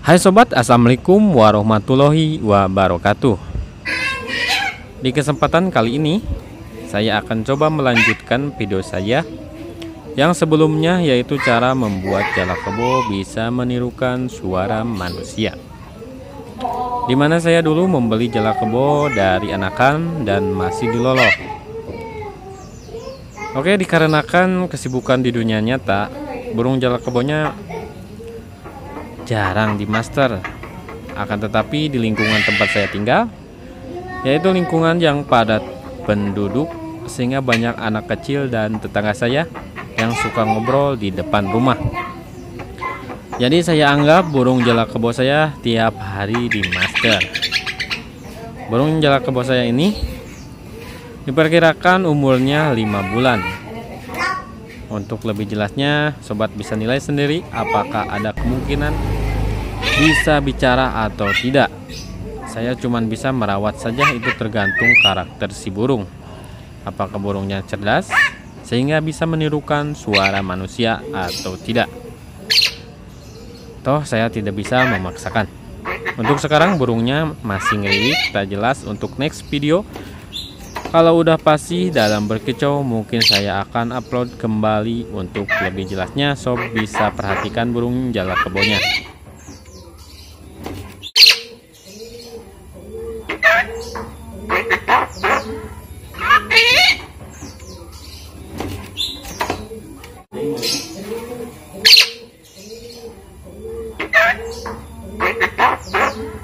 Hai sobat, assalamualaikum warahmatullahi wabarakatuh. Di kesempatan kali ini, saya akan coba melanjutkan video saya yang sebelumnya, yaitu cara membuat kebo bisa menirukan suara manusia. Dimana saya dulu membeli kebo dari anakan dan masih diloloh. Oke, dikarenakan kesibukan di dunia nyata, burung kebonya jarang di master. Akan tetapi di lingkungan tempat saya tinggal, yaitu lingkungan yang padat penduduk sehingga banyak anak kecil dan tetangga saya yang suka ngobrol di depan rumah. Jadi saya anggap burung jelak kebo saya tiap hari di master. Burung jelak kebo saya ini diperkirakan umurnya 5 bulan. Untuk lebih jelasnya, sobat bisa nilai sendiri apakah ada kemungkinan bisa bicara atau tidak. Saya cuma bisa merawat saja itu tergantung karakter si burung. Apakah burungnya cerdas sehingga bisa menirukan suara manusia atau tidak. Toh saya tidak bisa memaksakan. Untuk sekarang burungnya masih ngeriwik, tak jelas untuk next video. Kalau udah pasti dalam berkecoh, mungkin saya akan upload kembali untuk lebih jelasnya sob bisa perhatikan burung jala kebonya. Okay?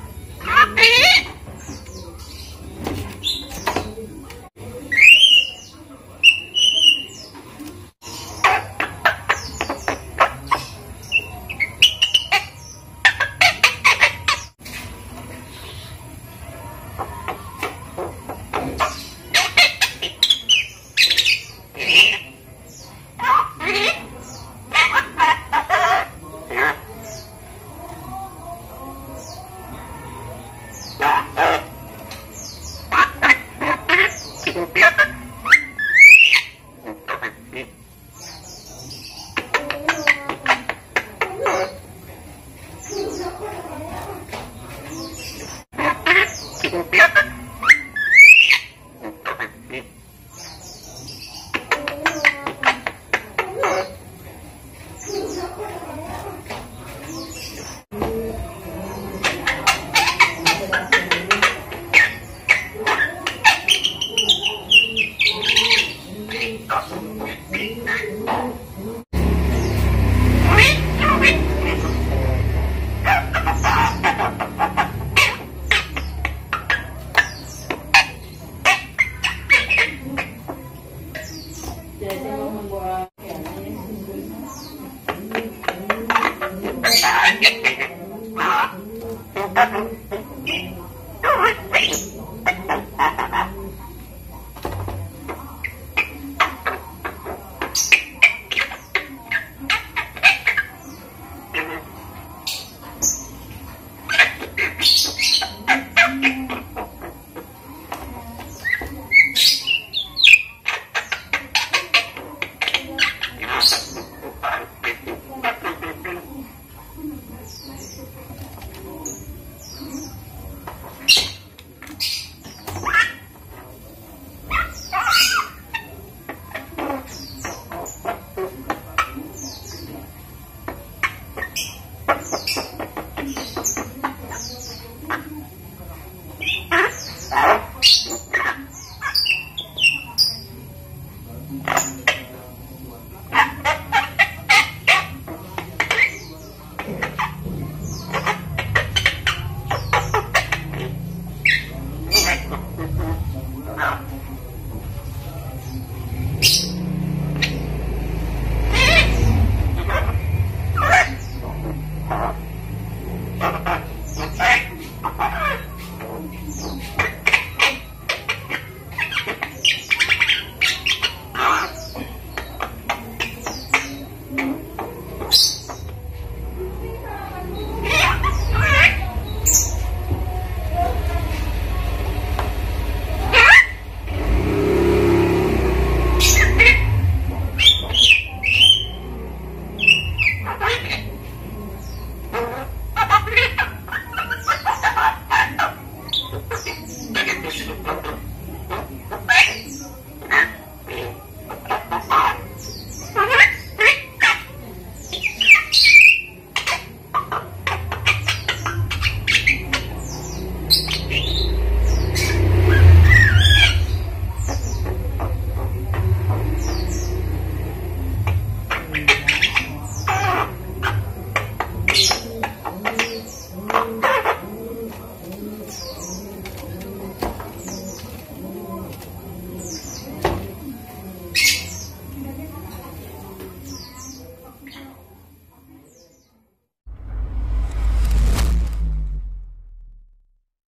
Thank you. Thank you.